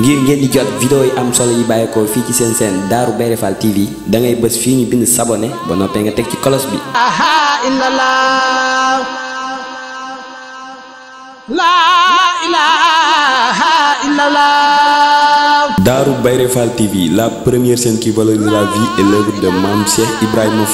ngir ngeen di jot vidéo yi am solo yi bàyyeekoo fii ci seen seen Darou Bairé Fall TV da bës fii ñu bind sabonné ba noppee nga teg ci kolos bi. Darou Bairé Fall TV la première chaîne qui valorise vie et l'œuvre de Mame Cheikh Ibrahima